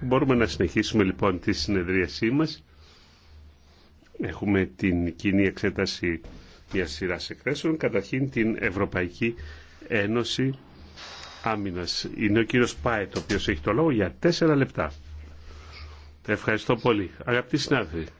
Μπορούμε να συνεχίσουμε λοιπόν τη συνεδρίασή μας. Έχουμε την κοινή εξέταση μια σειρά εκθέσεων. Καταρχήν την Ευρωπαϊκή Ένωση Άμυνας. Είναι ο κύριος Πάετ, ο οποίος έχει το λόγο για τέσσερα λεπτά. Ευχαριστώ πολύ. Αγαπητοί συνάδελφοι.